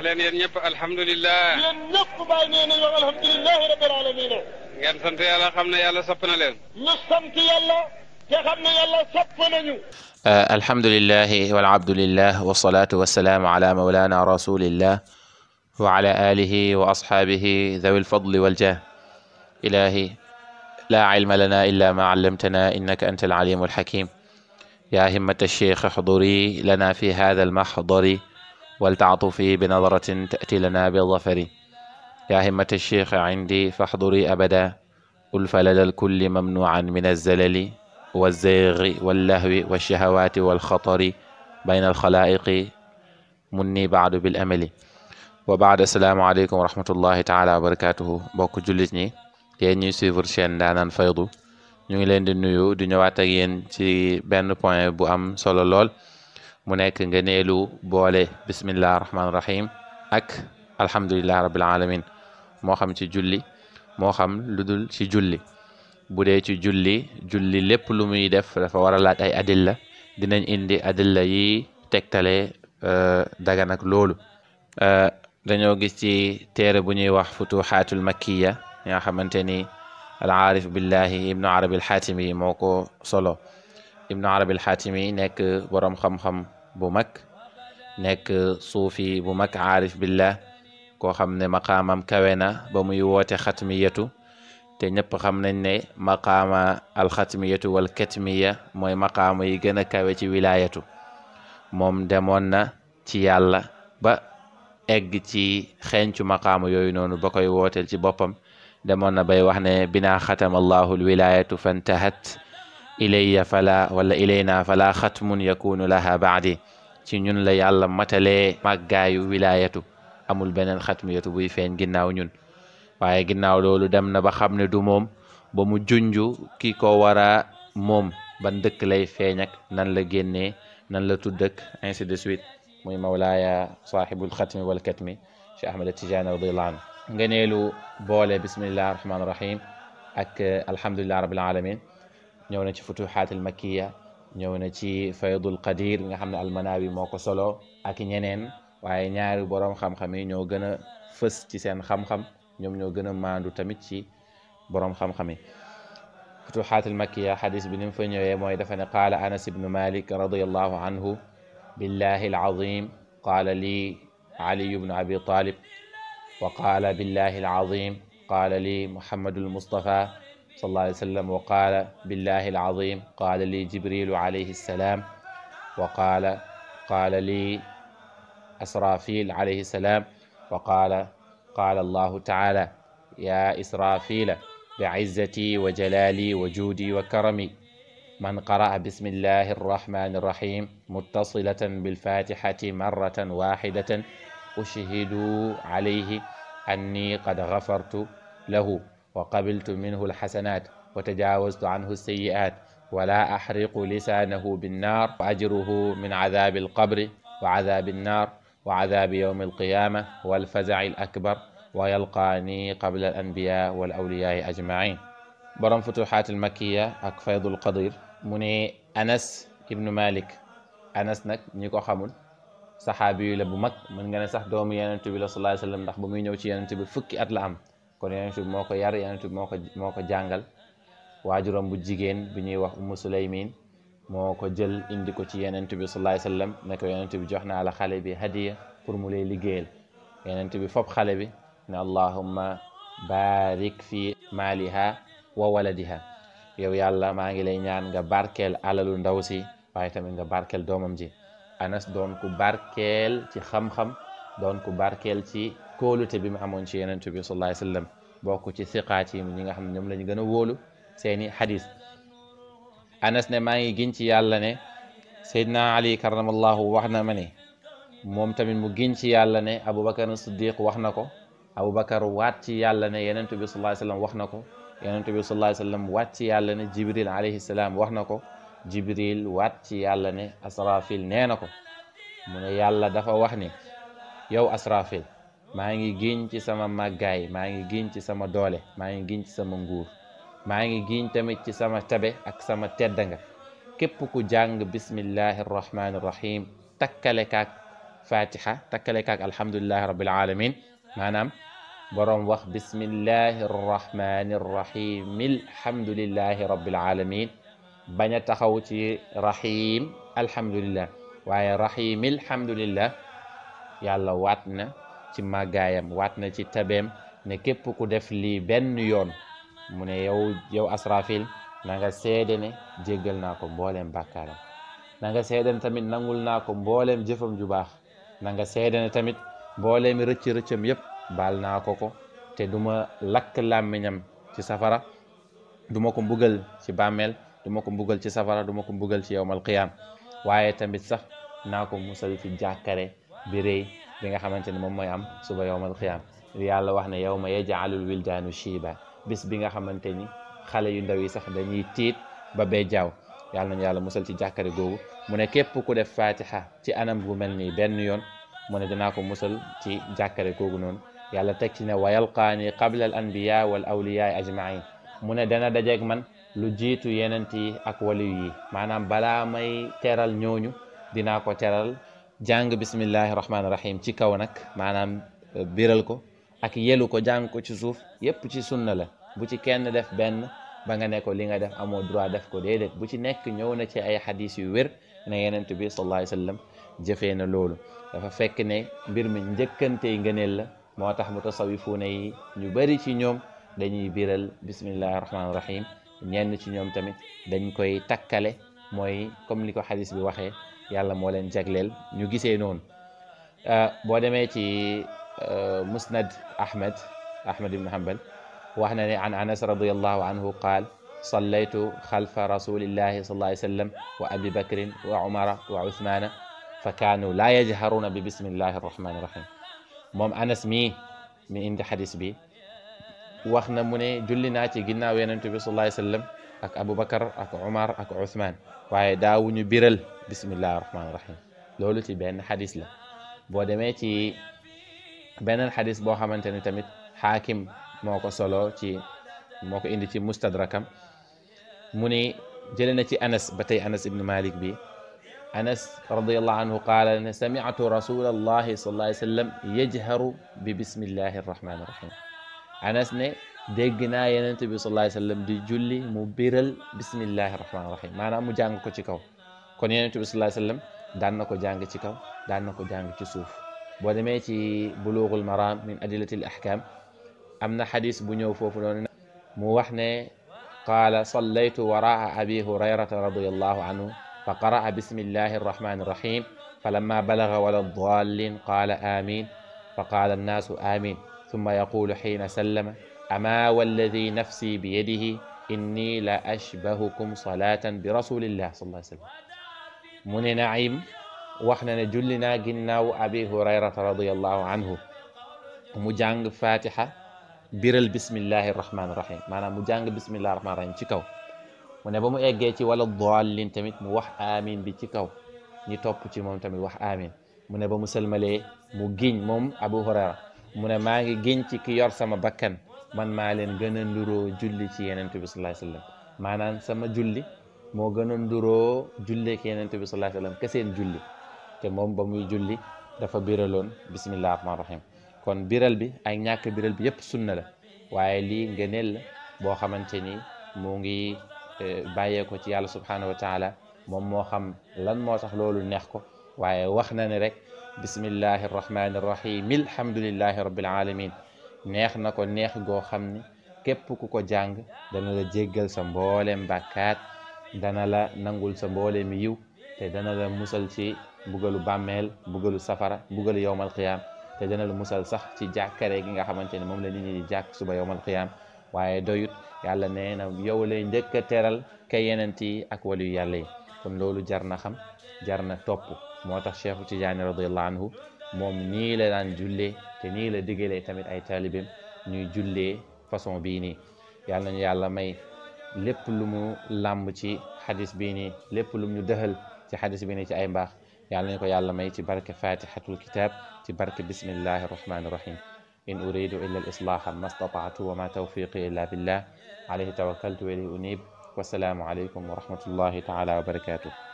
waxleen yeen آه، الحمد لله والعبد لله والصلاة والسلام على مولانا رسول الله وعلى آله وأصحابه ذوي الفضل والجاه إلهي لا علم لنا إلا ما علمتنا إنك أنت العليم الحكيم يا همة الشيخ حضوري لنا في هذا المحضر ولتعطفي بنظرة تأتي لنا بالظفر يا همة الشيخ عندي فاحضري أبدا ألف لدى الكل ممنوعا من الزلل والزيغ واللهو والشهوات والخطر بين الخلائق مني بعد بالأمل وبعد السلام عليكم ورحمة الله تعالى وبركاته بوك جلتني yéen سيفر suivre دانا فيضو نيو لين دي نيو دي نيو di ñëwaat ak yéen mu nekk ngëneelu boole bisimilah rahmaani rahim ak alhamdulilah rabil alamin moo xam ci julli moo xam lu dul ci julli bu dee ci julli julli lépp lu muy def dafa war a ay adilla dinañ indi adilla yi tegtale euh, daga nag loolu euh, dañoo gis ci téere bu ñuy wax futuxaatul makkiya nga xamante ni al aarif billahi ibnu arabi al xaatimi moo ko solo ibnu arabi al nekk boroom xam-xam bu mag nekk suufi bu mag aarif billah koo xam ne maqaamam kawe na ba muy woote xatmiyatu te ñëpp xam nañ ne maqaama alxatmiyatu wal katmiya mooy maqaama yi gën a kawe ci wilaayatu moom demoon na ci yàlla ba egg ci xencu maqaama yooyu noonu ba koy wooteel ci boppam demoon na bay wax ne bina xatama allahu alwilayatu fantahat إلي فلا ولا إلينا فلا ختم يكون لها بعدي ci ñun la yàlla matalee màggaayu wilaayatu amul beneen xatmiyatu buy feeñ ginnaaw ñun waaye ginnaaw loolu dem na ba xam ne du moom ba mu junju ki ko war a moom ban dëkk lay feeñ ak nan la génnee nan la tudd ak ainsi de suite muy mawlaaya saaxibul xatmi wal katmi ci ahmad tijaani radiyallahu anhu ngeneelu boole bismillahi rahmaani rahim ak alhamdulillahi rabbil alamin ñëw na ci futuhaat al makkiya ñëw na ci faydul qadir nga xamne al manabi moko solo ak ñeneen waye ñaari borom xam-xam yi ñoo gëna fess ci seen xam-xam ñom ñoo gëna mandu tamit ci borom xam-xam yi futuhaat al makkiya hadith bi nim fa ñewé moy dafa ne qala anas ibn malik radiyallahu anhu billahi alazim qaala lii علي بن أبي طالب وقال بالله العظيم قال لي محمد المصطفى صلى الله عليه وسلم وقال بالله العظيم قال لي جبريل عليه السلام وقال قال لي إسرافيل عليه السلام وقال قال الله تعالى يا إسرافيل بعزتي وجلالي وجودي وكرمي من قرأ بسم الله الرحمن الرحيم متصلة بالفاتحة مرة واحدة أشهد عليه أني قد غفرت له وقبلت منه الحسنات وتجاوزت عنه السيئات ولا أحرق لسانه بالنار وأجره من عذاب القبر وعذاب النار وعذاب يوم القيامة والفزع الأكبر ويلقاني قبل الأنبياء والأولياء أجمعين برم فتوحات المكية أكفيض القدير مني أنس ابن مالك أنس نك نيكو خمون صحابي لبمك من غنى صح دومي ينتبه صلى الله عليه وسلم نحبو مينو تي ينتبه فكي أتلام kon yonent bi moo ko yar yonent bi moo ko moo ko jàngal waajuram jigéen bi ñuy wax ummu sulaymin moo ko jël indi ko ci yonent bi sallallahu alayhi wasallam ne bi jox naa xale bi hadiya pour mu lay liggéeyal bi fop xale bi ne allahumma barik fi maaliha wa waladiha yow yàlla maa ngi lay ñaan nga barkeel alalu ndaw si waaye tamit nga barkeel doomam ji anas doon ku barkeel ci xam-xam doon ku barkeel ci kóolute bi ma amoon ci yenentu bi sallallahu alayhi wasallam bokk ci siqaat yi ñi nga xam ne ñoom la ñu gën a wóolu seeni xadis anas ne maa ngi giñ ci yàlla ne seydina ali karamallahu wax na ma ne moom tamit mu giñ ci yàlla ne aboubacar siddiq wax na ko aboubacar waat ci yàlla ne yenentu bi wax na ko yenentu bi sallallahu alayhi waat ci yàlla ne jibril alayhi salaam wax na ko jibril waat ci yàlla ne asrafil nee na ko mu ne yàlla dafa wax ni yow asrafil maa ngi giñ ci sama màggaay maa ngi giñ ci sama doole maa ngi giñ ci sama nguur maa ngi giñ tamit ci sama tabe ak sama tedda nga képp ku jàng bismillahi rahmaani rahim takkale kaak fatiha takkale kaak alhamdulilahi rabbil alamin maanaam borom wax bismillahi rahmaani rahim alhamdulilahi rabbil alamin bañ a taxaw ci rahim alhamdulilah waaye rahim alhamdulilah yàlla waat na ci màggaayam waat na ci tabeem ne képp ku def li benn yoon mu ne yow yow Asrafil nanga nga seede ne naa ko mbooleem bàkkaaram nanga nga tamit nangul naa ko mbooleem jëfam ju baax na nga seede tamit mbooleemi rëcc rëccam yépp bal naa ko ko te duma lakk làmmiñam ci safara duma ko mbugal ci bàmmeel duma ko mbugal ci safara duma ko mbugal ci yowmal qiyaam waaye tamit sax naa ko musal ci jàkkare bi bi nga xamante ne moom mooy am suba yowmal xiyaam yàlla wax ne yawma yaj'alul wildaanu shiiba bis bi nga xamante ni xale yu ndaw yi sax dañuy tiit ba bee jaaw yàlla yàlla musal ci jàkkare googu mu ne képp ku def fatiha ci anam gu mel nii benn yoon mu ne dinaa ko musal ci jàkkare googu noonu yàlla teg ci ne wa yalqaani qabla al anbiya wal awliyaay ajmain mu ne dana dajeeg man lu jiitu yenent yi ak waliyu yi maanaam balaa may teral ñooñu dinaa ko teral jàng bismillahi rahmaani rahim ci kaw nag maanaam biral ko ak yelu ko jàng ko ci suuf yépp ci sunna la bu ci kenn def benn ba nga ne ko li nga def amoo droit def ko déedéet bu ci nekk ñëw na ci ay xadis yu wér ne yenent bi sallallahu alayhi wasallam jëfee na loolu dafa fekk ne mbir mi njëkkantey ngëneel la moo tax mutasawifuuna yi ñu bari ci ñoom dañuy biral bismillahi rahmaani rahim ñenn ci ñoom tamit dañ koy takkale mooy comme li ko xadis bi waxee yàlla moo leen jagleel ñu gisee noonu boo demee ci musnad ahmed ahmed ibn hanbal wax na ne an anas radiallahu anhu qaal sallaytu xalfa rasulillahi sallallahu alayhi wa sallam wa abi bakrin wa umara wa uthmana fa kaanu laa yajharuna bi bismillahi arrahmani irrahim moom anas mii mi indi xadis bi wax na mu ne julli naa ci ginnaaw yonent bi sallallahu alayhi wa sallam ak Aboubacar ak Omar ak Ousmane waaye daawuñu biral bismillahi rahmaani rahim loolu ci benn xadis la boo demee ci beneen xadis boo xamante ni tamit xaakim moo ko solo ci moo ko indi ci mustadrakam mu ni jële na ci anas ba tey anas ibnu malik bi anas radiallahu anhu qaala ne samiatu rasulallahi sallallahu alayhi wa yajharu bi bismillahi arrahmani irrahim anas ne دقنا يا النبي صلى الله عليه وسلم دي جولي مبرل بسم الله الرحمن الرحيم ما نامو جانغ كو تي يا النبي صلى الله عليه وسلم دان نكو جانغ تي كاو دان نكو جانغ تي سوف بو ديمي تي بلوغ المرام من ادله الاحكام امنا حديث بو نيو فوفو مو وخني قال صليت وراء ابي هريره رضي الله عنه فقرا بسم الله الرحمن الرحيم فلما بلغ ولا الضالين قال امين فقال الناس امين ثم يقول حين سلم أما والذي نفسي بيده إني لا أشبهكم صلاة برسول الله صلى الله عليه وسلم من نعيم وحنا نجلنا جناو أبي هريرة رضي الله عنه مجانج فاتحة بر بسم الله الرحمن الرحيم معنا مجانج بسم الله الرحمن الرحيم تكو ونبوم إيجيتي ولا الضالين تميت موح آمين بتكو نتوب تي مم تميت وح آمين ونبوم سلم لي مجين مم أبو هريرة من ماجي جين تي كيار سما بكن man maa leen gën a nduroo julli ci yenent bi sallallahu alayhi wasallam maanaam sama julli moo gën a nduroo julli ki yenent bi sallallahu alayhi wasallam julli te moom ba muy julli dafa biraloon bisimillahi rahmaani rahim kon biral bi ak ñàkk biral bi yépp sunna la waaye lii ngëneel boo xamante ni mu ngi e, bàyyee ko ci yàlla subhaanahu wa moom moo xam lan moo tax loolu neex ko waaye wax na ne rek bismillahi arrahmani arrahim alhamdulillahi rabbil alamin neex na ko neex goo xam ni képp ku ko jàng dana la jéggal sa mbooleem bàkkaat dana la nangul sa mi yiw te dana la musal ci bugalu bàmmeel bugalu safara bugalu yowmal xiyaam te dana la musal sax ci jàkkare gi nga xamante ni moom la nit ñi di jàkk suba yowmal xiyaam waaye doyut yàlla nee na yow lay njëkk teral kay yenent yi ak wali yu yàlla yi kon loolu jar na xam jar na topp moo tax cheikhu tijaani radiallahu anhu mom ni la dan julle te ni la diggalee tamit ay talibem ñuy julle façon bi ni yàlla nañu yàlla may lépp lu mu làmb ci hadith bi ni lépp lu mu dehal ci hadith bi ni ci ay mbax yàlla nañu ko yàlla may ci baraka fatihatul kitab ci baraka bismillahir rahmanir rahim in uridu illa al-islaha ma stata'tu wa ma tawfiqi illa billah alayhi tawakkaltu wa ilayhi unib wasalaamu alaykum wa rahmatullahi taala wa